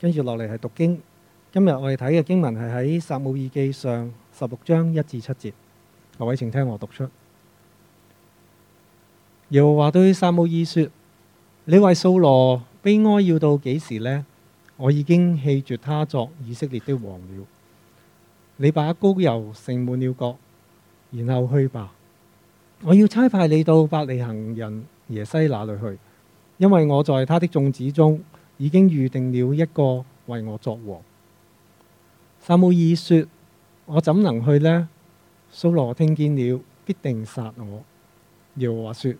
跟住落嚟係讀經，今日我哋睇嘅經文係喺撒母耳記上十六章一至七節。各位請聽我讀出。耶和華對撒母耳說：你為掃羅悲哀要到幾時呢？我已經棄絕他作以色列的王了。你把膏油盛滿了角，然後去吧。我要差派你到伯利行人耶西那裡去，因為我在他的眾子中，已經預定了一個為我作王。撒母耳說：我怎能去呢？掃羅聽見了，必定殺我。耶和華說：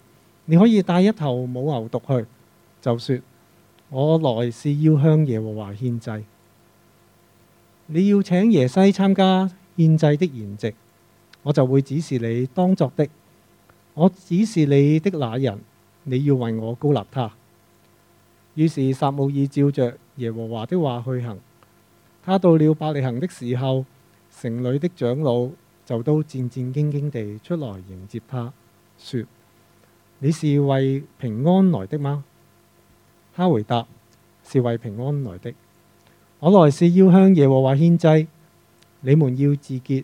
你可以帶一頭母牛犢去，就説：我來是要向耶和華獻祭。你要請耶西參加獻祭的筵席，我就會指示你當作的。我指示你的那人，你要為我膏立他。於是撒母耳照着耶和華的話去行。他到了伯利恆的時候，城裏的長老就都戰戰兢兢地出來迎接他，說：你是為平安來的嗎？他回答：是為平安來的。我來是要向耶和華獻祭，你們要自潔，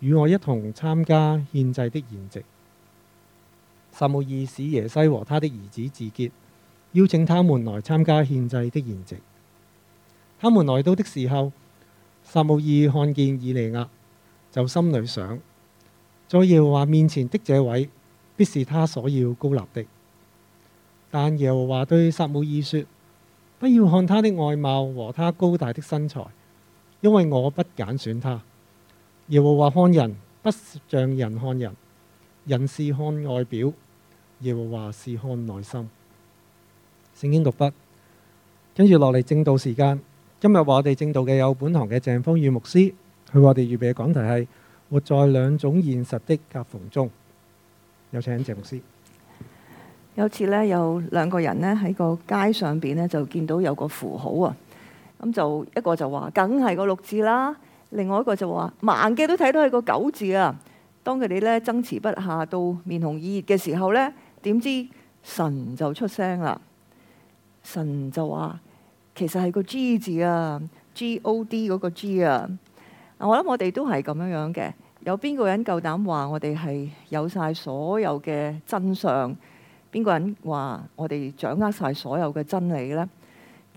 與我一同參加獻祭的筵席。撒母耳使耶西和他的兒子自潔。邀請他們來參加獻祭的筵席。他們來到的時候，撒母耳看見以利亞，就心裏想：在耶和華面前的這位，必是他所要高立的。但耶和華對撒母耳說：不要看他的外貌和他高大的身材，因為我不揀選他。耶和華看人，不像人看人，人是看外表，耶和華是看內心。聖經讀筆，跟住落嚟正道時間。今日話我哋正道嘅有本堂嘅鄭峰宇牧師，佢話我哋預備嘅講題係活在兩種現實的夾縫中。有請鄭牧師。有次呢，有兩個人呢喺個街上邊呢，就見到有個符號啊。咁就一個就話，梗係個六字啦；另外一個就話盲嘅都睇到係個九字啊。當佢哋呢爭持不下，到面紅耳熱嘅時候呢，點知神就出聲啦。神就話：其實係個 G 字啊，G O D 嗰個 G 啊。我諗我哋都係咁樣樣嘅。有邊個人夠膽話我哋係有晒所有嘅真相？邊個人話我哋掌握晒所有嘅真理呢？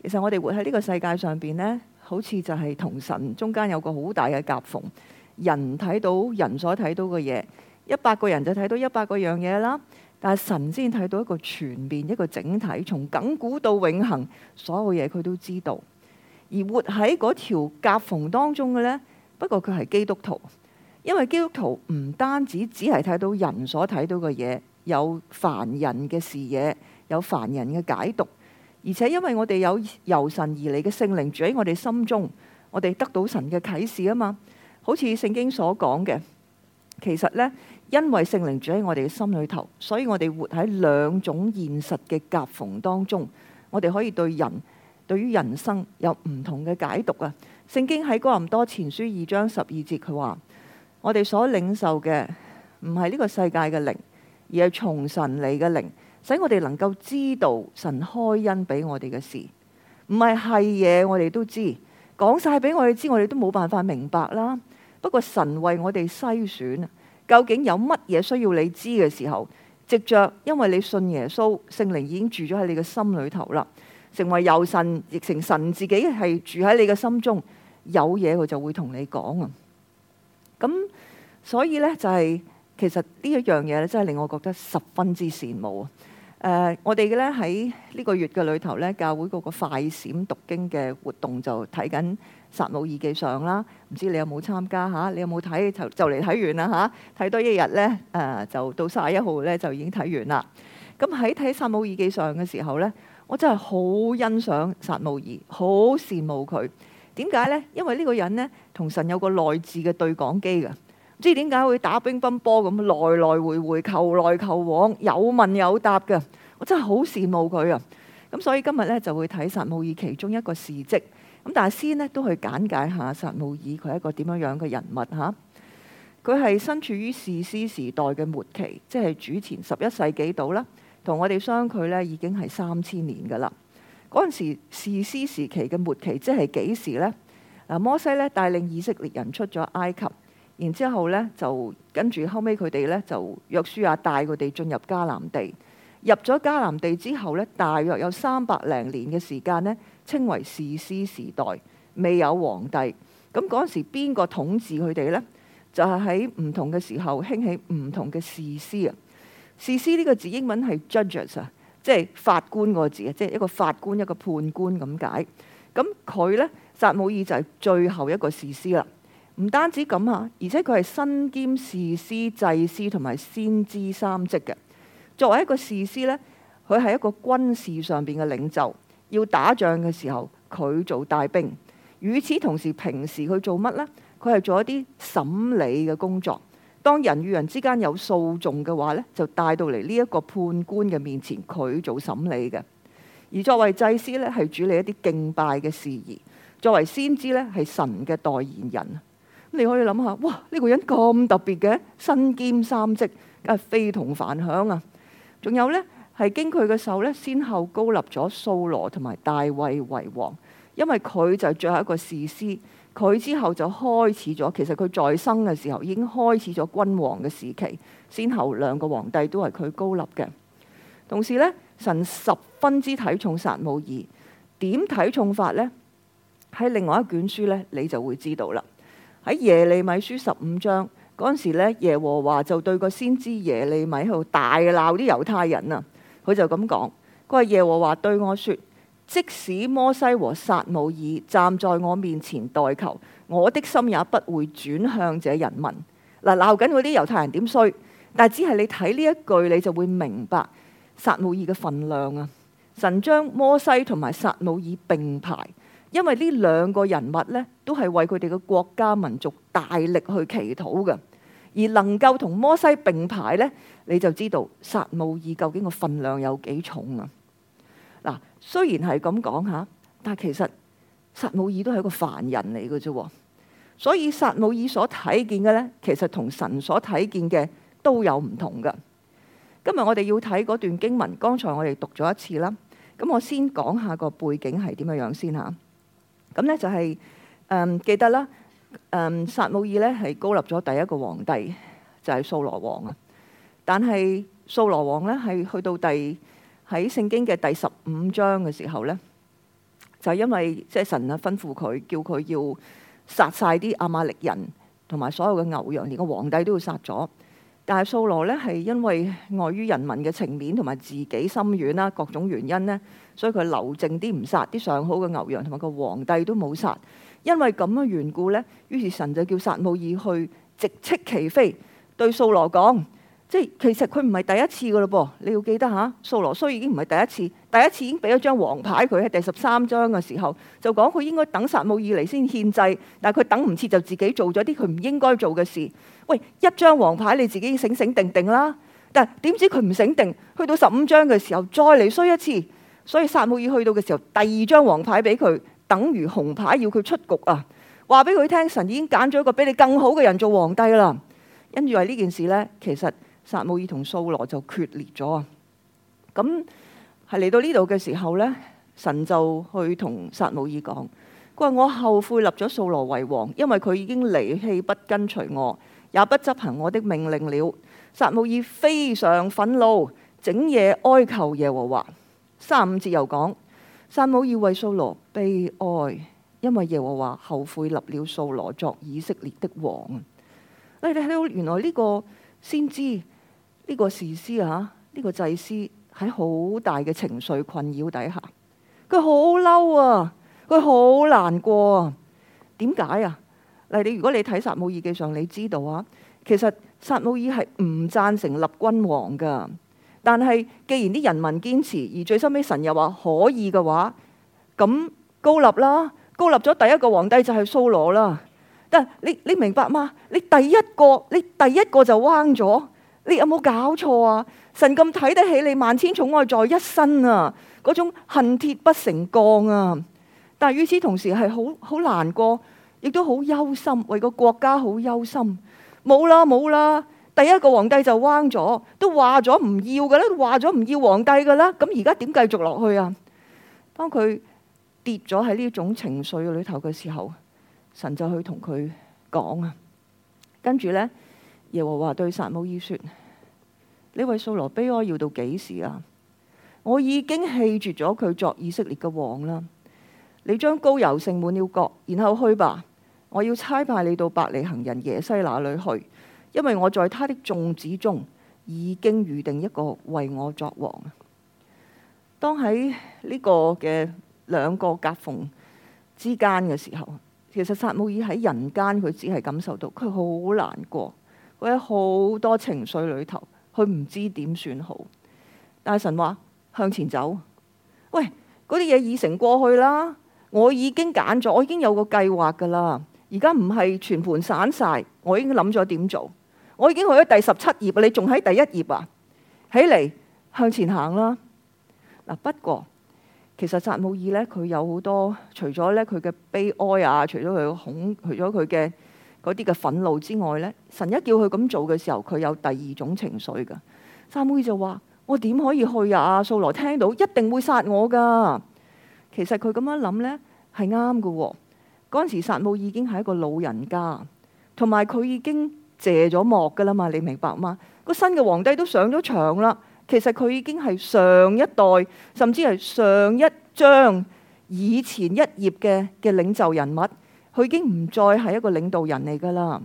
其實我哋活喺呢個世界上邊呢，好似就係同神中間有個好大嘅夾縫。人睇到人所睇到嘅嘢，一百個人就睇到一百個樣嘢啦。但係神先睇到一個全面、一個整體，從亘古到永恒，所有嘢佢都知道。而活喺嗰條夾縫當中嘅咧，不過佢係基督徒，因為基督徒唔單止只係睇到人所睇到嘅嘢，有凡人嘅視野，有凡人嘅解讀。而且因為我哋有由神而嚟嘅聖靈住喺我哋心中，我哋得到神嘅啟示啊嘛。好似聖經所講嘅，其實咧。因為聖靈住喺我哋嘅心裏頭，所以我哋活喺兩種現實嘅夾縫當中。我哋可以對人、對於人生有唔同嘅解讀啊。聖經喺哥林多前書二章十二節，佢話：我哋所領受嘅唔係呢個世界嘅靈，而係從神嚟嘅靈，使我哋能夠知道神開恩俾我哋嘅事。唔係係嘢，我哋都知。講晒俾我哋知，我哋都冇辦法明白啦。不過神為我哋篩選。究竟有乜嘢需要你知嘅時候，直着，因為你信耶穌，聖靈已經住咗喺你嘅心裡頭啦，成為由神，亦成神自己係住喺你嘅心中，有嘢佢就會同你講啊。咁所以呢，就係、是，其實呢一樣嘢咧真係令我覺得十分之羨慕啊。誒，uh, 我哋咧喺呢個月嘅裏頭咧，教會嗰個快閃讀經嘅活動就睇緊撒母耳記上啦。唔知你有冇參加嚇？你有冇睇就就嚟睇完啦嚇！睇多一日咧，誒、啊、就到卅一號咧就已經睇完啦。咁喺睇撒母耳記上嘅時候咧，我真係好欣賞撒母耳，好羨慕佢。點解咧？因為呢個人咧同神有個內置嘅對講機㗎。唔知點解會打乒乓波咁來來回回，球來球往，有問有答嘅。我真係好羨慕佢啊！咁所以今日呢，就會睇撒母耳其中一個事蹟。咁但係先呢，都去簡介下撒母耳佢係一個點樣樣嘅人物嚇。佢係身處於士師時代嘅末期，即係主前十一世紀度啦，同我哋相距呢已經係三千年㗎啦。嗰陣時士師時期嘅末期，即係幾時呢？嗱，摩西呢帶領以色列人出咗埃及。然之後呢，就跟住後尾佢哋呢，就約書亞帶佢哋進入迦南地。入咗迦南地之後呢，大約有三百零年嘅時間呢，稱為士師時代，未有皇帝。咁嗰陣時邊個統治佢哋呢？就係喺唔同嘅時候興起唔同嘅士師啊。士師呢個字英文係 judges 啊，即係法官個字啊，即係一個法官一個判官咁解。咁佢呢，撒母耳就係最後一個士師啦。唔單止咁啊，而且佢係身兼士師、祭司同埋先知三職嘅。作為一個士師呢，佢係一個軍事上邊嘅領袖，要打仗嘅時候，佢做帶兵。與此同時，平時佢做乜呢？佢係做一啲審理嘅工作。當人與人之間有訴訟嘅話呢，就帶到嚟呢一個判官嘅面前，佢做審理嘅。而作為祭司呢，係處理一啲敬拜嘅事宜；作為先知呢，係神嘅代言人。你可以諗下，哇！呢、這個人咁特別嘅，身兼三職，梗係非同凡響啊！仲有呢，係經佢嘅手呢，先後高立咗掃羅同埋大衛為王，因為佢就最後一個士師。佢之後就開始咗，其實佢在生嘅時候已經開始咗君王嘅時期，先後兩個皇帝都係佢高立嘅。同時呢，神十分之睇重撒母耳。點睇重法呢？喺另外一卷書呢，你就會知道啦。喺耶利米書十五章嗰陣時咧，耶和華就對個先知耶利米喺度大鬧啲猶太人啊！佢就咁講：佢話耶和華對我説，即使摩西和撒母耳站在我面前代求，我的心也不會轉向這人民。嗱、呃，鬧緊嗰啲猶太人點衰？但只係你睇呢一句你就會明白撒母耳嘅份量啊！神將摩西同埋撒母耳並排。因為呢兩個人物咧，都係為佢哋嘅國家民族大力去祈禱嘅，而能夠同摩西並排咧，你就知道撒母耳究竟個份量有幾重啊！嗱，雖然係咁講吓，但其實撒母耳都係一個凡人嚟嘅啫，所以撒母耳所睇見嘅咧，其實同神所睇見嘅都有唔同嘅。今日我哋要睇嗰段經文，剛才我哋讀咗一次啦，咁我先講下個背景係點樣樣先吓。咁咧就係、是，嗯記得啦，嗯撒母耳咧係高立咗第一個皇帝，就係、是、掃羅王啊。但係掃羅王咧係去到第喺聖經嘅第十五章嘅時候咧，就是、因為即係、就是、神啊吩咐佢，叫佢要殺晒啲亞瑪力人同埋所有嘅牛羊，連個皇帝都要殺咗。但係掃羅咧，係因為礙於人民嘅情面同埋自己心軟啦，各種原因咧，所以佢留剩啲唔殺啲上好嘅牛羊，同埋個皇帝都冇殺。因為咁嘅緣故呢，於是神就叫撒母耳去直斥其非，對掃羅講。即係其實佢唔係第一次噶咯噃，你要記得嚇，掃羅衰已經唔係第一次，第一次已經俾咗張黃牌佢。喺第十三章嘅時候就講佢應該等撒母耳嚟先獻祭，但係佢等唔切就自己做咗啲佢唔應該做嘅事。喂，一張黃牌你自己醒醒定定啦，但係點知佢唔醒定，去到十五章嘅時候再嚟衰一次，所以撒母耳去到嘅時候，第二張黃牌俾佢，等於紅牌要佢出局啊！話俾佢聽，神已經揀咗一個比你更好嘅人做皇帝啦。跟住話呢件事呢，其實撒母耳同掃羅就決裂咗啊！咁係嚟到呢度嘅時候呢，神就去同撒母耳講：佢話我後悔立咗掃羅為王，因為佢已經離棄不跟隨我，也不執行我的命令了。撒母耳非常憤怒，整夜哀求耶和華。三五節又講：撒母耳為掃羅悲哀，因為耶和華後悔立了掃羅作以色列的王啊！你哋睇到原來呢個先知。呢個士師啊，呢、這個祭司喺好大嘅情緒困擾底下，佢好嬲啊，佢好難過啊。點解啊？例你如果你睇撒母耳記上，你知道啊，其實撒母耳係唔贊成立君王㗎。但係既然啲人民堅持，而最收尾神又話可以嘅話，咁膏立啦，膏立咗第一個皇帝就係掃羅啦。但你你明白嗎？你第一個你第一個就彎咗。你有冇搞錯啊？神咁睇得起你，萬千寵愛在一身啊！嗰種恨鐵不成鋼啊！但係與此同時係好好難過，亦都好憂心，為個國家好憂心。冇啦冇啦，第一個皇帝就彎咗，都話咗唔要嘅啦，都話咗唔要皇帝嘅啦。咁而家點繼續落去啊？當佢跌咗喺呢種情緒裏頭嘅時候，神就去同佢講啊，跟住呢。耶和華對撒母耳說：你為掃羅悲哀要到幾時啊？我已經棄絕咗佢作以色列嘅王啦。你將膏油盛滿了角，然後去吧。我要差派你到伯利恆人耶西那裏去，因為我在他的眾子中已經預定一個為我作王。當喺呢個嘅兩個夾縫之間嘅時候，其實撒母耳喺人間佢只係感受到佢好難過。佢喺好多情緒裏頭，佢唔知點算好。大神話向前走。喂，嗰啲嘢已成過去啦，我已經揀咗，我已經有個計劃噶啦。而家唔係全盤散晒，我已經諗咗點做。我已經去咗第十七頁，你仲喺第一頁啊？起嚟向前行啦。嗱，不過其實撒母耳咧，佢有好多，除咗咧佢嘅悲哀啊，除咗佢嘅恐，除咗佢嘅。嗰啲嘅憤怒之外呢，神一叫佢咁做嘅時候，佢有第二種情緒嘅。撒母就話：我點可以去啊？掃羅聽到一定會殺我噶。其實佢咁樣諗呢，係啱嘅。嗰陣時撒母已經係一個老人家，同埋佢已經謝咗幕嘅啦嘛。你明白嗎？個新嘅皇帝都上咗場啦。其實佢已經係上一代，甚至係上一章以前一頁嘅嘅領袖人物。佢已經唔再係一個領導人嚟㗎啦。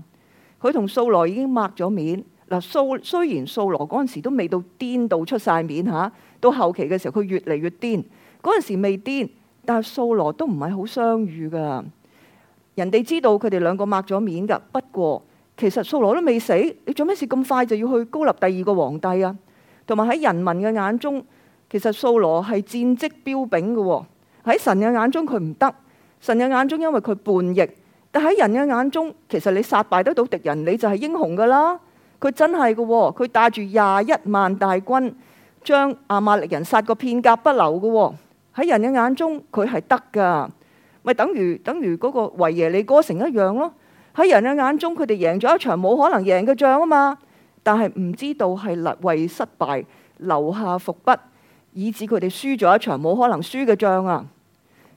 佢同掃羅已經抹咗面。嗱，掃雖然掃羅嗰陣時都未到顛到出晒面嚇、啊，到後期嘅時候佢越嚟越顛。嗰陣時未顛，但係掃羅都唔係好相與㗎。人哋知道佢哋兩個抹咗面㗎。不過其實掃羅都未死，你做咩事咁快就要去膏立第二個皇帝啊？同埋喺人民嘅眼中，其實掃羅係戰績彪炳嘅喎。喺神嘅眼中佢唔得。神嘅眼中，因為佢叛逆，但喺人嘅眼中，其實你殺敗得到敵人，你就係英雄噶啦。佢真係噶、哦，佢帶住廿一萬大軍，將亞瑪力人殺個片甲不留噶喎、哦。喺人嘅眼中，佢係得噶，咪等於等於嗰個維耶利哥城一樣咯。喺人嘅眼中，佢哋贏咗一場冇可能贏嘅仗啊嘛，但係唔知道係立為失敗留下伏筆，以致佢哋輸咗一場冇可能輸嘅仗啊。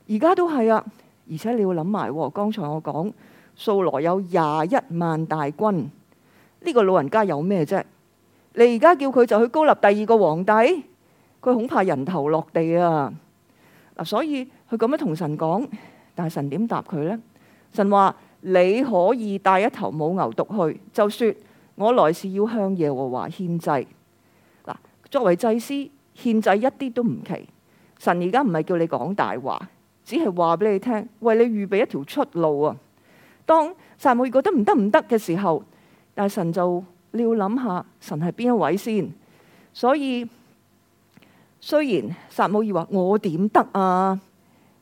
而家都係啊。而且你要諗埋喎，剛才我講素來有廿一萬大軍，呢個老人家有咩啫？你而家叫佢就去膏立第二個皇帝，佢恐怕人頭落地啊！嗱，所以佢咁樣同神講，但係神點答佢呢？神話你可以帶一頭母牛犢去，就說我來是要向耶和華獻祭。作為祭司獻祭一啲都唔奇，神而家唔係叫你講大話。只係話俾你聽，為你預備一條出路啊！當撒母耳覺得唔得唔得嘅時候，大神就你要諗下，神係邊一位先？所以雖然撒母耳話我點得啊，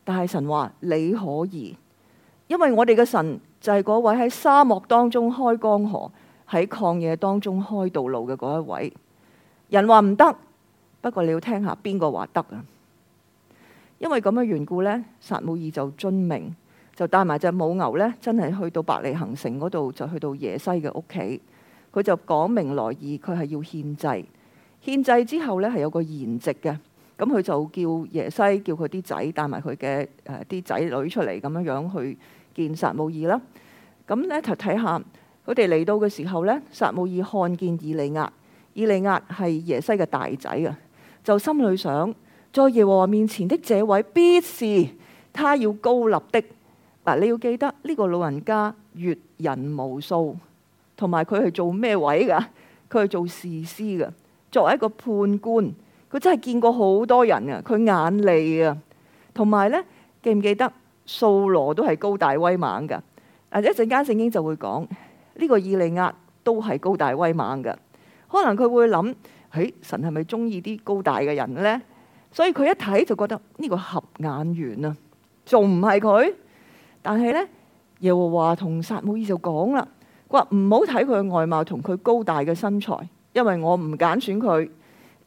但係神話你可以，因為我哋嘅神就係嗰位喺沙漠當中開江河，喺曠野當中開道路嘅嗰一位。人話唔得，不過你要聽下邊個話得啊！因為咁嘅緣故呢，撒母耳就遵命，就帶埋隻母牛呢，真係去到伯利恆城嗰度，就去到耶西嘅屋企。佢就講明來意，佢係要獻祭。獻祭之後呢係有個筵席嘅，咁佢就叫耶西叫佢啲仔帶埋佢嘅誒啲仔女出嚟，咁樣樣去見撒母耳啦。咁呢就睇下佢哋嚟到嘅時候呢，撒母耳看見以利亞，以利亞係耶西嘅大仔啊，就心裏想。在耶和華面前的這位必是他要高立的嗱。你要記得呢個老人家閱人無數，同埋佢係做咩位噶？佢係做士師嘅，作為一個判官，佢真係見過好多人噶，佢眼利啊。同埋呢，記唔記得掃羅都係高大威猛噶？啊，一陣間聖經就會講呢個以利押都係高大威猛噶。可能佢會諗：誒、哎，神係咪中意啲高大嘅人呢？所以佢一睇就覺得呢個合眼緣啊，仲唔係佢？但係呢，耶和華同撒母耳就講啦，佢話唔好睇佢外貌同佢高大嘅身材，因為我唔揀選佢。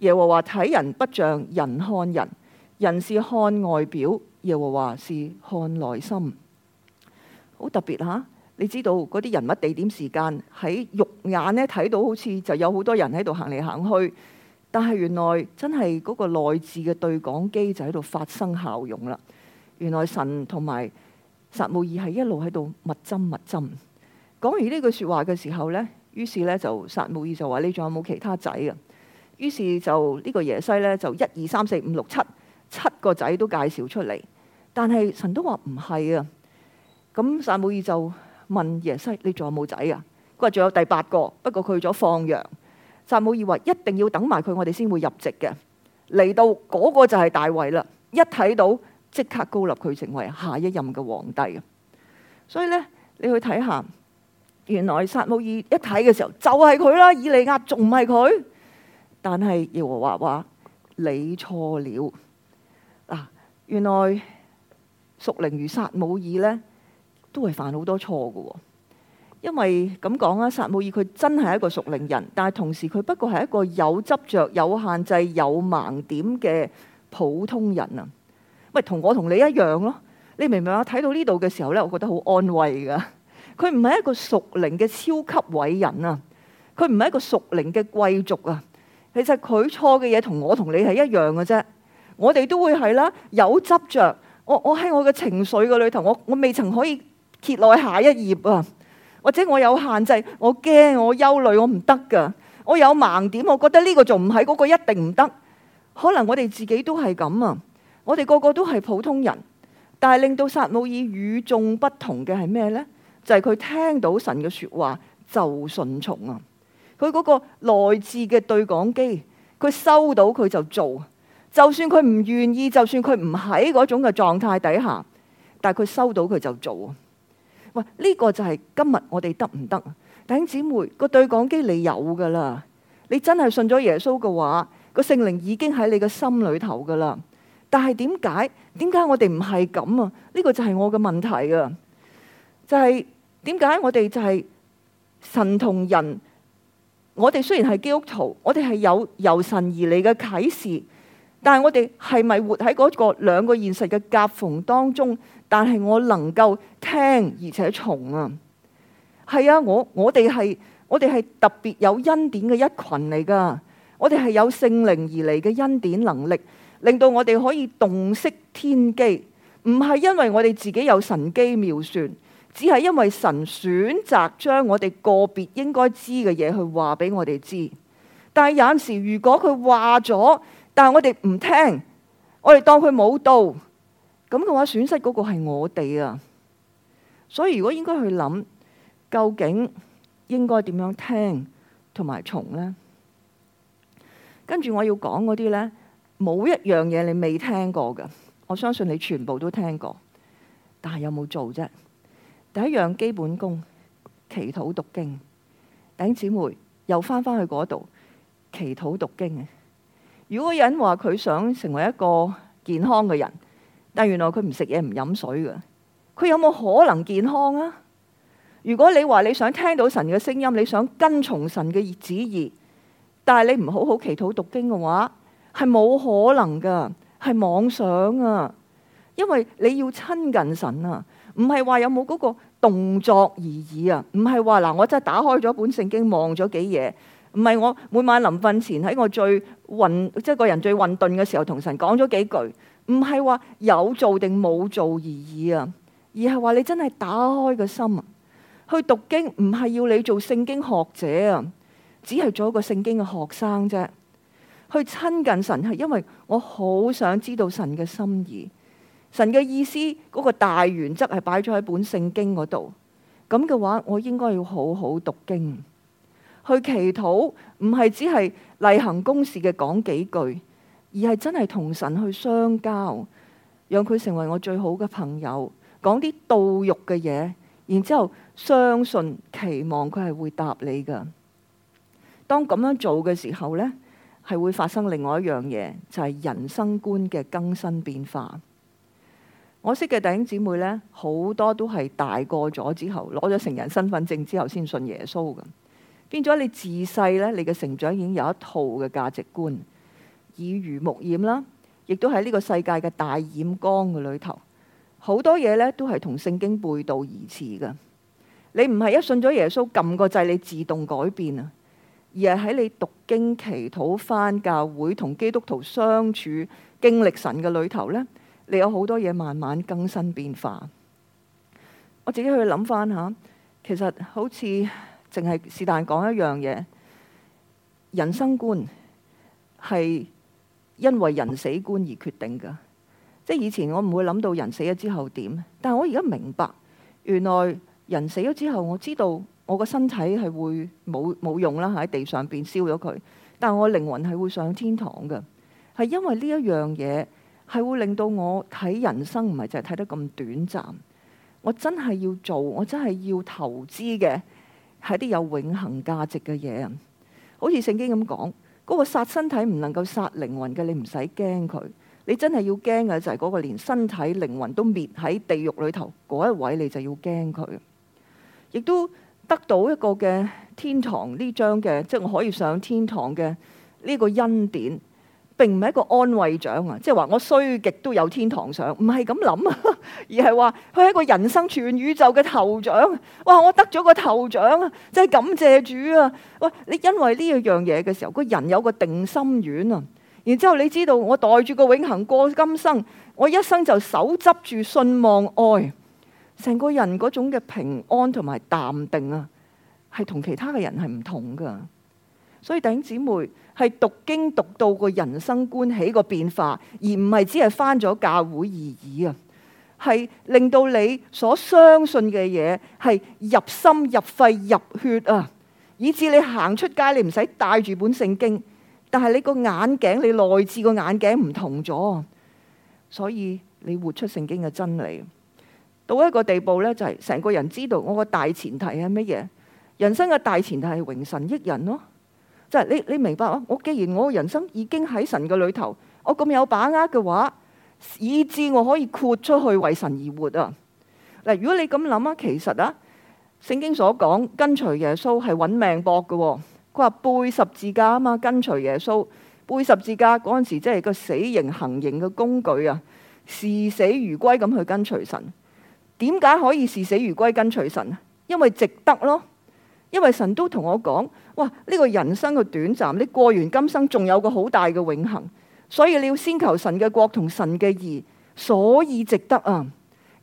耶和華睇人不像人看人，人是看外表，耶和華是看內心。好特別嚇，你知道嗰啲人物地點時間喺肉眼咧睇到好似就有好多人喺度行嚟行去。但係原來真係嗰個內置嘅對講機就喺度發生效用啦。原來神同埋撒姆爾係一路喺度密針密針講完呢句説話嘅時候呢，於是呢，就撒姆爾就話：你仲有冇其他仔啊？於是就呢、呢個耶西呢，就一二三四五六七七個仔都介紹出嚟，但係神都話唔係啊。咁撒姆爾就問耶西：你仲有冇仔啊？佢話：仲有第八個，不過佢去咗放羊。撒母耳話：一定要等埋佢，我哋先會入席嘅。嚟到嗰、那個就係大衛啦，一睇到即刻高立佢成為下一任嘅皇帝。所以呢，你去睇下，原來撒母耳一睇嘅時候就係佢啦，以利亞仲唔係佢？但係耶和華話，話：你錯了。嗱，原來屬靈如撒母耳呢，都係犯好多錯嘅。因為咁講啊，撒母耳佢真係一個屬靈人，但係同時佢不過係一個有執着、有限制、有盲點嘅普通人啊。喂，同我同你一樣咯。你明唔明啊？睇到呢度嘅時候咧，我覺得好安慰㗎。佢唔係一個屬靈嘅超級偉人啊，佢唔係一個屬靈嘅貴族啊。其實佢錯嘅嘢同我同你係一樣嘅啫。我哋都會係啦，有執着。我我喺我嘅情緒嘅裏頭，我我未曾可以揭落下一頁啊。或者我有限制，我驚我憂慮，我唔得㗎。我有盲點，我覺得呢個仲唔係嗰個一定唔得。可能我哋自己都係咁啊。我哋個個都係普通人，但係令到撒母耳與眾不同嘅係咩呢？就係、是、佢聽到神嘅說話就順從啊。佢嗰個內置嘅對講機，佢收到佢就做。就算佢唔願意，就算佢唔喺嗰種嘅狀態底下，但係佢收到佢就做。喂，呢個就係今日我哋得唔得？頂姊妹，個對講機你有噶啦？你真係信咗耶穌嘅話，個聖靈已經喺你嘅心裏頭噶啦。但係點解？點解我哋唔係咁啊？呢個就係我嘅問題啊！就係點解我哋就係神同人？我哋雖然係基督徒，我哋係有由神而嚟嘅啟示，但係我哋係咪活喺嗰個兩個現實嘅夾縫當中？但係我能夠？聽而且從啊，係啊，我我哋係我哋係特別有恩典嘅一群嚟㗎，我哋係有聖靈而嚟嘅恩典能力，令到我哋可以洞悉天機，唔係因為我哋自己有神機妙算，只係因為神選擇將我哋個別應該知嘅嘢去話俾我哋知。但係有陣時，如果佢話咗，但係我哋唔聽，我哋當佢冇到，咁嘅話，損失嗰個係我哋啊。所以如果應該去諗，究竟應該點樣聽同埋從呢？跟住我要講嗰啲呢，冇一樣嘢你未聽過嘅。我相信你全部都聽過，但係有冇做啫？第一樣基本功，祈禱讀經。頂姊妹又翻返去嗰度祈禱讀經。如果有人話佢想成為一個健康嘅人，但原來佢唔食嘢，唔飲水㗎。佢有冇可能健康啊？如果你話你想聽到神嘅聲音，你想跟從神嘅旨意，但係你唔好好祈禱讀經嘅話，係冇可能噶係妄想啊！因為你要親近神啊，唔係話有冇嗰個動作而已啊，唔係話嗱我真係打開咗本聖經望咗幾夜。唔係我每晚臨瞓前喺我最混，即係個人最混沌嘅時候同神講咗幾句，唔係話有做定冇做而已啊！而係話，你真係打開個心去讀經，唔係要你做聖經學者啊，只係做一個聖經嘅學生啫。去親近神係因為我好想知道神嘅心意，神嘅意思嗰個大原則係擺咗喺本聖經嗰度。咁嘅話，我應該要好好讀經，去祈禱，唔係只係例行公事嘅講幾句，而係真係同神去相交，讓佢成為我最好嘅朋友。講啲道欲嘅嘢，然之後相信期望佢係會答你噶當咁樣做嘅時候呢，係會發生另外一樣嘢，就係人生觀嘅更新變化。我識嘅弟兄姊妹呢，好多都係大個咗之後，攞咗成人身份證之後先信耶穌噶變咗你自細呢，你嘅成長已經有一套嘅價值觀，耳濡目染啦，亦都喺呢個世界嘅大染缸嘅裏頭。好多嘢咧都係同聖經背道而馳噶你唔係一信咗耶穌撳個掣，你自動改變啊，而係喺你讀經、祈禱、翻教會、同基督徒相處、經歷神嘅裏頭呢，你有好多嘢慢慢更新變化。我自己去諗翻吓，其實好似淨係是但講一樣嘢，人生觀係因為人死觀而決定噶即係以前我唔會諗到人死咗之後點，但係我而家明白，原來人死咗之後，我知道我個身體係會冇冇用啦，喺地上邊燒咗佢，但我靈魂係會上天堂嘅，係因為呢一樣嘢係會令到我睇人生唔係淨係睇得咁短暫，我真係要做，我真係要投資嘅係啲有永恆價值嘅嘢。好似聖經咁講，嗰個殺身體唔能夠殺靈魂嘅，你唔使驚佢。你真係要驚嘅就係嗰個連身體靈魂都滅喺地獄裏頭嗰一位，你就要驚佢。亦都得到一個嘅天堂呢張嘅，即係我可以上天堂嘅呢個恩典，並唔係一個安慰獎啊！即係話我衰極都有天堂上，唔係咁諗啊，而係話佢係一個人生全宇宙嘅頭獎。哇！我得咗個頭獎啊！真係感謝主啊！喂，你因為呢一樣嘢嘅時候，個人有個定心丸啊！然之後，你知道我代住個永恆過今生，我一生就手執住信望愛，成個人嗰種嘅平安同埋淡定啊，係同其他嘅人係唔同㗎。所以弟兄姊妹係讀經讀到個人生觀起個變化，而唔係只係返咗教會而已啊。係令到你所相信嘅嘢係入心入肺入血啊，以至你行出街你唔使帶住本聖經。但係你個眼鏡，你內置個眼鏡唔同咗，所以你活出聖經嘅真理，到一個地步呢，就係、是、成個人知道我個大前提係乜嘢，人生嘅大前提係榮神益人咯、哦。即、就、係、是、你你明白啊？我既然我人生已經喺神嘅裏頭，我咁有把握嘅話，以至我可以豁出去為神而活啊！嗱，如果你咁諗啊，其實啊，聖經所講跟隨耶穌係揾命搏嘅、哦。佢話背十字架啊嘛，跟隨耶穌背十字架嗰陣時，即係個死刑行刑嘅工具啊，視死如歸咁去跟隨神。點解可以視死如歸跟隨神？因為值得咯，因為神都同我講，哇，呢個人生嘅短暫，你過完今生仲有個好大嘅永恒，所以你要先求神嘅國同神嘅義，所以值得啊。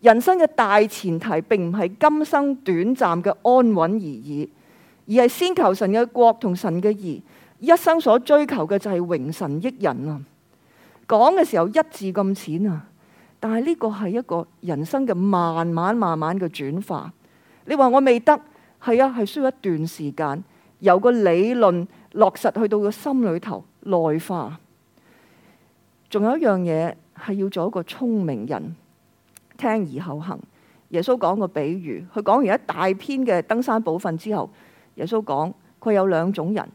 人生嘅大前提並唔係今生短暫嘅安穩而已。而係先求神嘅國同神嘅義，一生所追求嘅就係榮神益人啊！講嘅時候一字咁淺啊，但係呢個係一個人生嘅慢慢慢慢嘅轉化。你話我未得，係啊，係需要一段時間，由個理論落實去到個心裏頭內化。仲有一樣嘢係要做一個聰明人，聽而後行。耶穌講個比喻，佢講完一大篇嘅登山寶訓之後。耶穌講佢有兩種人，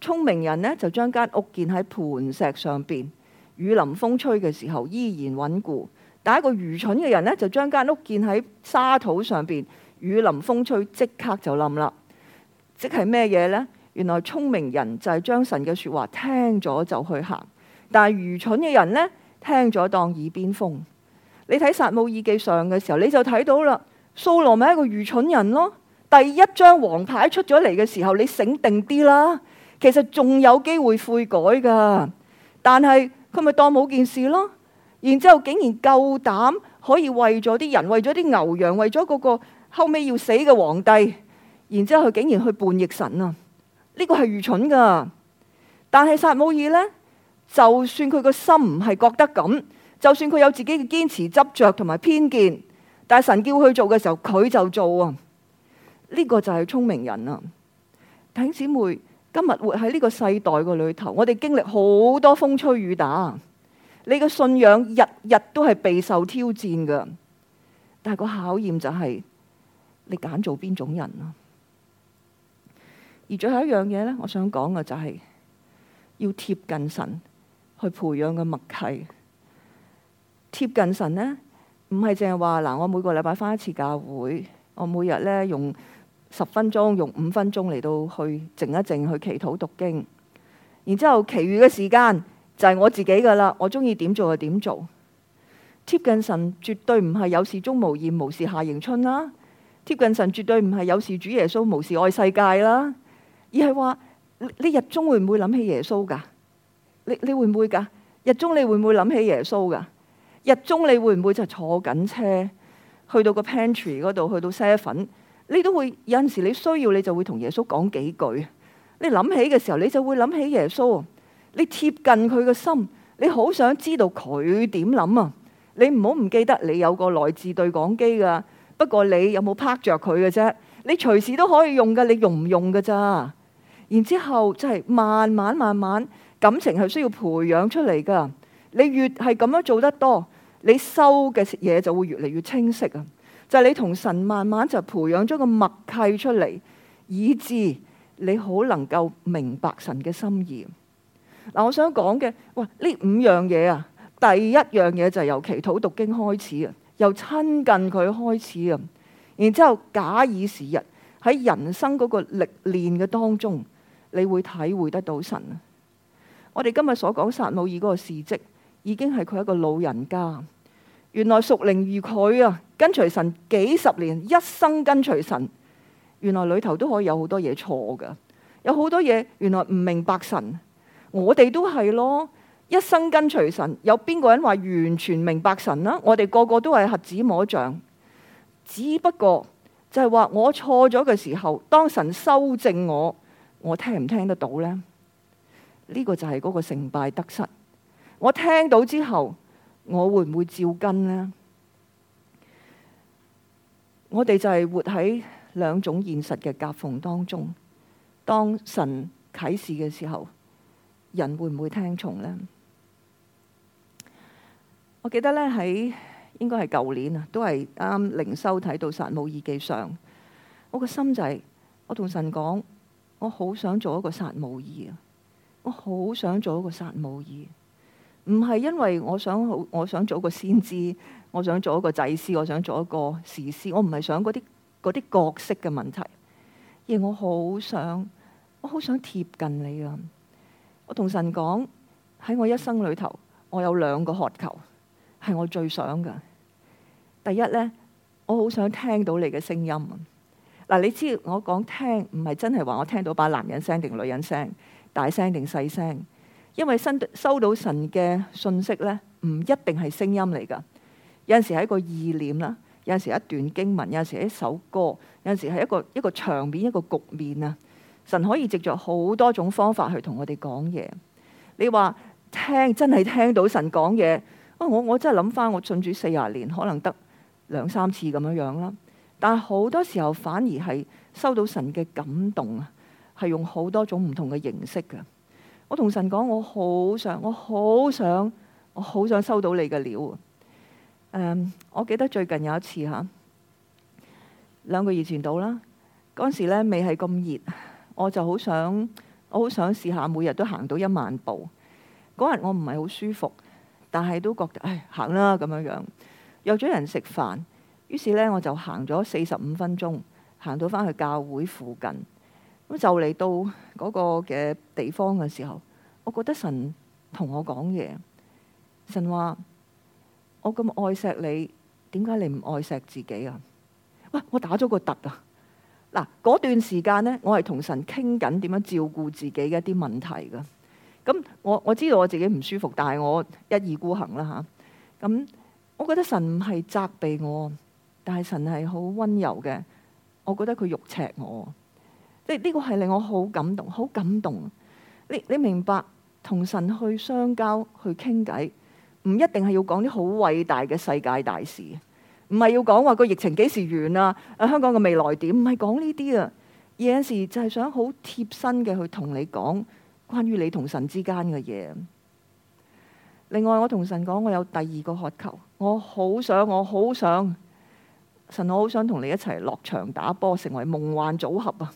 聰明人呢，就將間屋建喺磐石上邊，雨淋風吹嘅時候依然穩固；但一個愚蠢嘅人呢，就將間屋建喺沙土上邊，雨淋風吹即刻就冧啦。即係咩嘢呢？原來聰明人就係將神嘅說話聽咗就去行，但係愚蠢嘅人呢，聽咗當耳邊風。你睇撒母耳記上嘅時候，你就睇到啦，掃羅咪一個愚蠢人咯。第一張黃牌出咗嚟嘅時候，你醒定啲啦。其實仲有機會悔改噶，但係佢咪當冇件事咯。然之後竟然夠膽可以為咗啲人，為咗啲牛羊，為咗嗰個後尾要死嘅皇帝，然之後佢竟然去叛逆神啊！呢個係愚蠢噶。但係撒母耳呢，就算佢個心唔係覺得咁，就算佢有自己嘅堅持、執着同埋偏見，但係神叫佢做嘅時候，佢就做啊。呢個就係聰明人啊。弟兄姊妹，今日活喺呢個世代嘅裏頭，我哋經歷好多風吹雨打，你嘅信仰日日都係備受挑戰噶，但係個考驗就係你揀做邊種人啦。而最後一樣嘢咧，我想講嘅就係要貼近神去培養個默契。貼近神呢，唔係淨係話嗱，我每個禮拜翻一次教會，我每日咧用。十分鐘用五分鐘嚟到去靜一靜，去祈禱讀經，然之後其餘嘅時間就係、是、我自己噶啦，我中意點做就點做。貼近神絕對唔係有事鍾無艷，無事夏迎春啦、啊。貼近神絕對唔係有事主耶穌，無事愛世界啦、啊。而係話你，你日中會唔會諗起耶穌噶？你你會唔會噶？日中你會唔會諗起耶穌噶？日中你會唔會就坐緊車去到個 pantry 嗰度去到 seven 你都會有陣時你需要，你就會同耶穌講幾句。你諗起嘅時候，你就會諗起耶穌。你貼近佢嘅心，你好想知道佢點諗啊！你唔好唔記得，你有個內置對講機噶。不過你有冇拍着佢嘅啫？你隨時都可以用噶，你用唔用噶咋？然之後就係慢慢慢慢，感情係需要培養出嚟噶。你越係咁樣做得多，你收嘅嘢就會越嚟越清晰啊！就係你同神慢慢就培養咗個默契出嚟，以至你好能夠明白神嘅心意。嗱，我想講嘅，喂，呢五樣嘢啊，第一樣嘢就係由祈禱讀經開始啊，由親近佢開始啊，然之後假以時日喺人生嗰個歷練嘅當中，你會體會得到神。我哋今日所講撒母耳嗰個事跡，已經係佢一個老人家，原來屬靈如佢啊！跟隨神幾十年，一生跟隨神，原來裏頭都可以有好多嘢錯噶，有好多嘢原來唔明白神，我哋都係咯，一生跟隨神，有邊個人話完全明白神呢？我哋個個都係瞎子摸象，只不過就係話我錯咗嘅時候，當神修正我，我聽唔聽得到呢？呢、這個就係嗰個勝敗得失。我聽到之後，我會唔會照跟呢？我哋就係活喺兩種現實嘅夾縫當中，當神啟示嘅時候，人會唔會聽從呢？我記得咧，喺應該係舊年啊，都係啱靈修睇到撒母耳記上，我個心就係我同神講，我好想做一個撒母耳啊，我好想做一個撒母耳，唔係因為我想好，我想做一個先知。我想做一個祭司，我想做一個士師，我唔係想嗰啲嗰啲角色嘅問題。而我好想我好想貼近你啊！我同神講，喺我一生裏頭，我有兩個渴求係我最想嘅。第一呢，我好想聽到你嘅聲音嗱。你知我講聽唔係真係話我聽到把男人聲定女人聲，大聲定細聲，因為身收到神嘅信息呢，唔一定係聲音嚟噶。有陣時係一個意念啦，有陣時一段經文，有陣時一首歌，有陣時係一個一個場面、一個局面啊！神可以藉著好多種方法去同我哋講嘢。你話聽真係聽到神講嘢，我我真係諗翻我進主四十年，可能得兩三次咁樣樣啦。但係好多時候反而係收到神嘅感動啊，係用好多種唔同嘅形式嘅。我同神講，我好想，我好想，我好想收到你嘅料啊！Um, 我記得最近有一次嚇，兩、啊、個月前到啦。嗰、啊、陣時咧未係咁熱，我就好想，我好想試下每日都行到一萬步。嗰日我唔係好舒服，但係都覺得誒、哎、行啦咁樣樣。約咗人食飯，於是呢我就行咗四十五分鐘，行到翻去教會附近。咁就嚟到嗰個嘅地方嘅時候，我覺得神同我講嘢。神話。我咁愛錫你，點解你唔愛錫自己啊？喂，我打咗個突啊！嗱，嗰段時間呢，我係同神傾緊點樣照顧自己嘅一啲問題噶。咁我我知道我自己唔舒服，但係我一意孤行啦吓。咁我覺得神唔係責備我，但係神係好溫柔嘅。我覺得佢肉赤我，即係呢個係令我好感動，好感動。你你明白同神去相交去傾偈？唔一定係要講啲好偉大嘅世界大事，唔係要講話個疫情幾時完啊？誒，香港嘅未來點？唔係講呢啲啊，有陣時就係想好貼身嘅去同你講關於你同神之間嘅嘢。另外，我同神講，我有第二個渴求，我好想，我好想，神，我好想同你一齊落場打波，成為夢幻組合啊！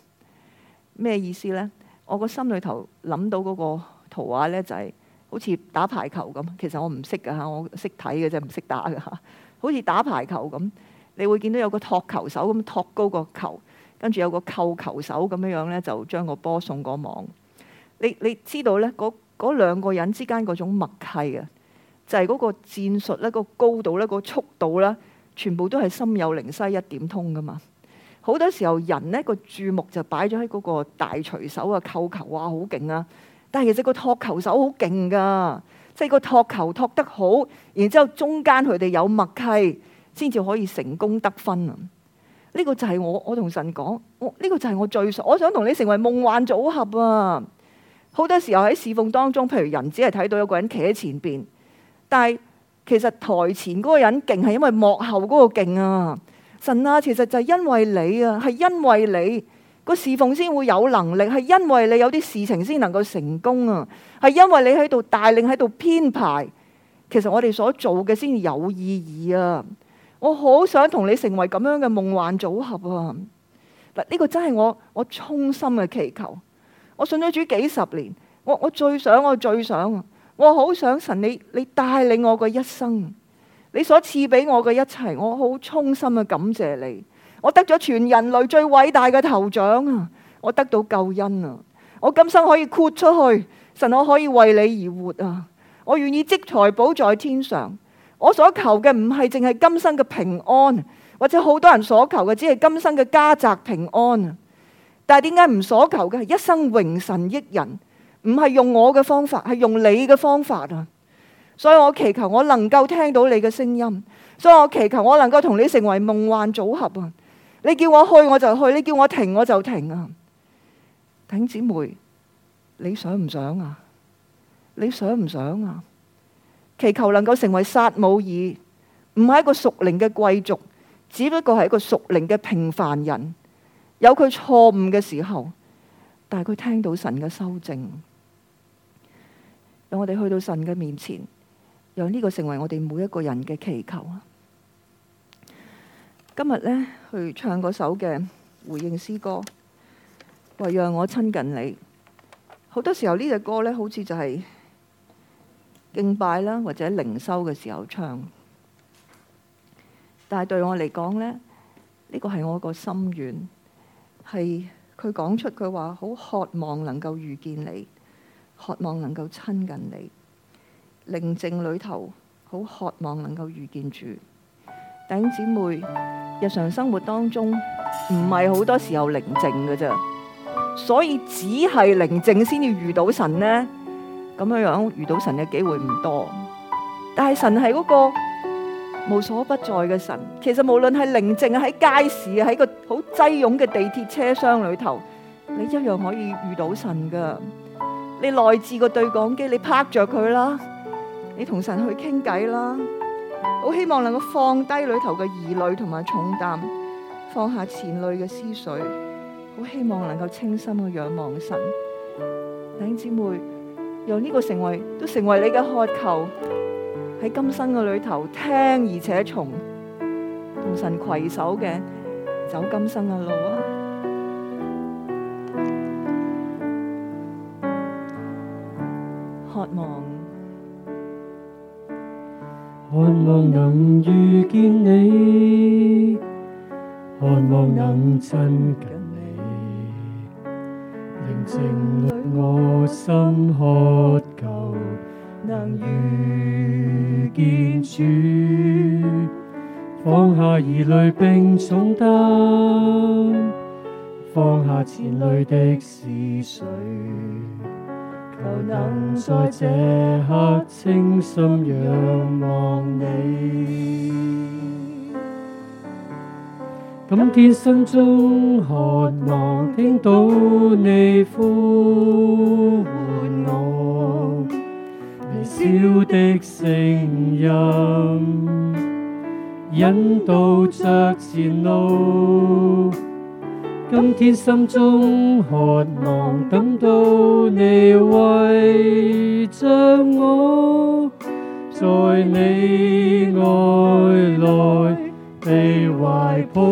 咩意思呢？我個心裏頭諗到嗰個圖畫呢，就係、是。好似打排球咁，其實我唔識㗎吓，我識睇嘅啫，唔識打㗎吓。好似打排球咁，你會見到有個托球手咁托高個球，跟住有個扣球手咁樣樣咧，就將個波送過個網。你你知道咧，嗰嗰兩個人之間嗰種默契啊，就係、是、嗰個戰術咧、嗰、那個高度咧、嗰、那個速度啦，全部都係心有靈犀一點通噶嘛。好多時候人咧個注目就擺咗喺嗰個大鎚手啊，扣球啊，好勁啊！但係其實個托球手好勁噶，即係個托球托得好，然之後中間佢哋有默契，先至可以成功得分啊！呢個就係我我同神講，我呢個就係我最想，我想同你成為夢幻組合啊！好多時候喺侍奉當中，譬如人只係睇到有個人企喺前邊，但係其實台前嗰個人勁係因為幕後嗰個勁啊！神啊，其實就係因為你啊，係因為你。個侍奉先會有能力，係因為你有啲事情先能夠成功啊！係因為你喺度帶領喺度編排，其實我哋所做嘅先有意義啊！我好想同你成為咁樣嘅夢幻組合啊！嗱，呢個真係我我衷心嘅祈求。我信咗主幾十年，我我最想我最想，我好想，想神你你帶領我嘅一生，你所賜俾我嘅一切，我好衷心嘅感謝你。我得咗全人類最偉大嘅頭獎啊！我得到救恩啊！我今生可以豁出去，神，我可以為你而活啊！我願意積財寶在天上。我所求嘅唔係淨係今生嘅平安，或者好多人所求嘅只係今生嘅家宅平安啊！但係點解唔所求嘅係一生榮神益人？唔係用我嘅方法，係用你嘅方法啊！所以我祈求我能夠聽到你嘅聲音，所以我祈求我能夠同你成為夢幻組合啊！你叫我去我就去，你叫我停我就停啊！弟兄姊妹，你想唔想啊？你想唔想啊？祈求能夠成為撒母耳，唔係一個屬靈嘅貴族，只不過係一個屬靈嘅平凡人。有佢錯誤嘅時候，但係佢聽到神嘅修正。讓我哋去到神嘅面前，讓呢個成為我哋每一個人嘅祈求啊！今日咧，去唱嗰首嘅回應詩歌，話讓我親近你。好多時候呢隻歌咧，好似就係敬拜啦，或者靈修嘅時候唱。但係對我嚟講呢，呢個係我個心願，係佢講出佢話，好渴望能夠遇見你，渴望能夠親近你，寧靜裏頭，好渴望能夠遇見主。弟姊妹，日常生活當中唔係好多時候寧靜嘅啫，所以只係寧靜先至遇到神咧，咁樣樣遇到神嘅機會唔多。但係神係嗰個無所不在嘅神，其實無論係寧靜，喺街市，喺個好擠擁嘅地鐵車廂裏頭，你一樣可以遇到神噶。你內置個對講機，你拍着佢啦，你同神去傾偈啦。好希望能夠放低旅途嘅疑慮同埋重擔，放下纏累嘅思緒，好希望能夠清心去仰望神。弟兄姊妹，讓呢個成為都成為你嘅渴求，喺今生嘅旅途聽而且從同神携手嘅走今生嘅路啊！渴望。盼望能遇見你，盼望能親近你，寧靜裏我心渴求能遇見主。放下疑慮並重擔，放下前裏的是誰？求能在這刻清心仰望你，今天心中渴望聽到你呼喚我，微笑的聲音引導着前路。今天心中渴望等到你為着我，在你愛內被懷抱，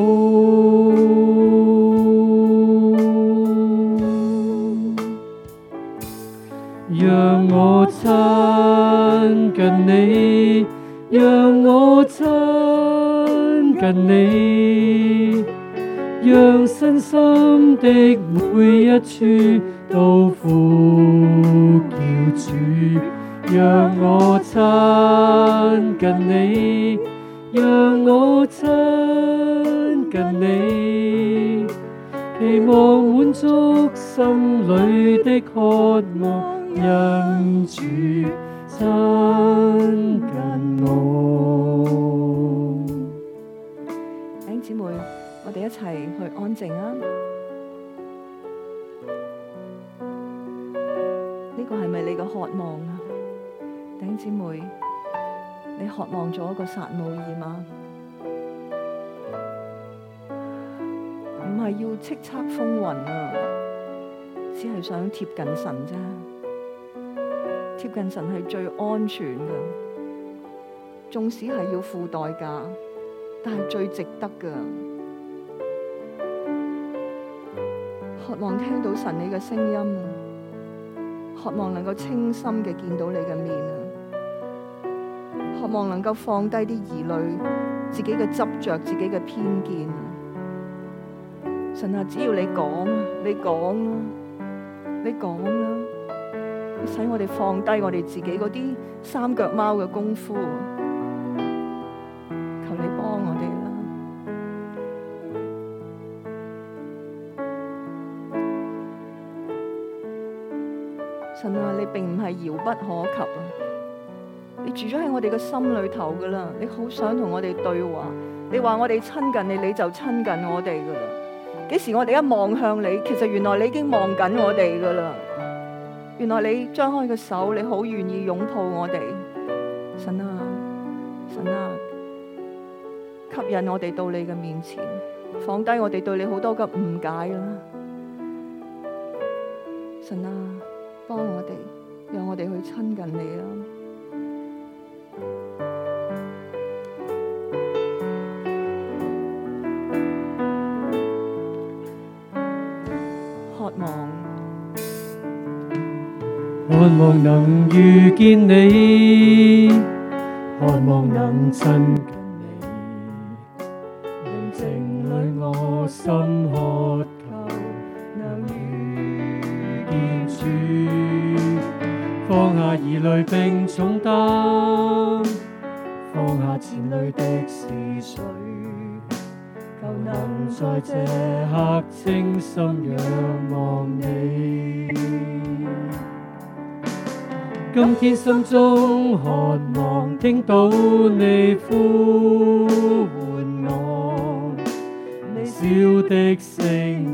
讓我親近你，讓我親近你。讓身心的每一處都呼叫主，讓我親近你，讓我親近你，期望滿足心裏的渴望，人主親近我。一齊去安靜啊！呢個係咪你個渴望啊，頂姊妹？你渴望咗一個撒母耳嗎？唔係要叱咤風雲啊，只係想貼近神啫。貼近神係最安全噶，縱使係要付代價，但係最值得噶。望聽到神你嘅聲音，渴望能夠清心嘅見到你嘅面啊！渴望能夠放低啲疑慮、自己嘅執着，自己嘅偏見。神啊，只要你講啦，你講啊，你講啦，使我哋放低我哋自己嗰啲三腳貓嘅功夫。不可及啊！你住咗喺我哋嘅心裏頭噶啦，你好想同我哋對話。你話我哋親近你，你就親近我哋噶啦。幾時我哋一望向你，其實原來你已經望緊我哋噶啦。原來你張開個手，你好願意擁抱我哋。神啊，神啊，吸引我哋到你嘅面前，放低我哋對你好多嘅誤解啦，啊。神啊！我去親近你啊！渴望，渴望能遇見你，渴望能親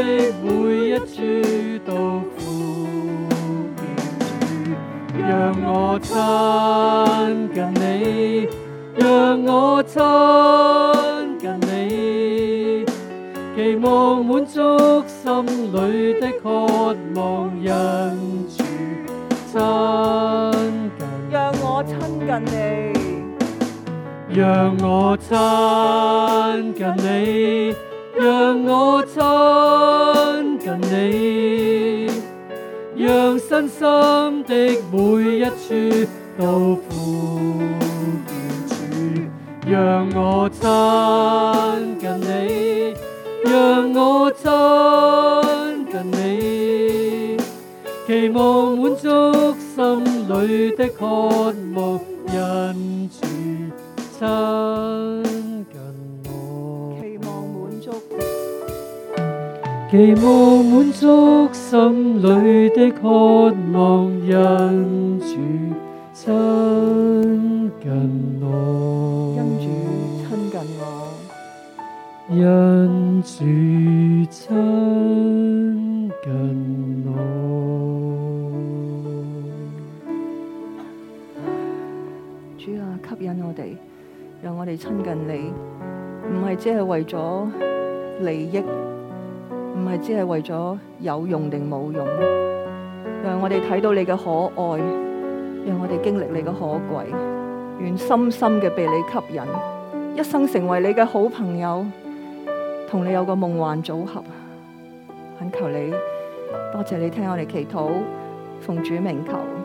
每一處都扶搖住，讓我親近你，讓我親近你，期望滿足心裏的渴望，人住親近，讓我親近你，讓我親近你。讓我親近你，讓身心的每一處都呼叫主。讓我親近你，讓我親近你，期望滿足心裏的渴望。仰望主。期望滿足心裏的渴望，因主親近我。因主親近我。因主親近我。主啊，吸引我哋，讓我哋親近你，唔係只係為咗利益。唔係只係為咗有用定冇用，讓我哋睇到你嘅可愛，讓我哋經歷你嘅可貴，願深深嘅被你吸引，一生成為你嘅好朋友，同你有個夢幻組合。懇求你，多謝你聽我哋祈禱，奉主名求。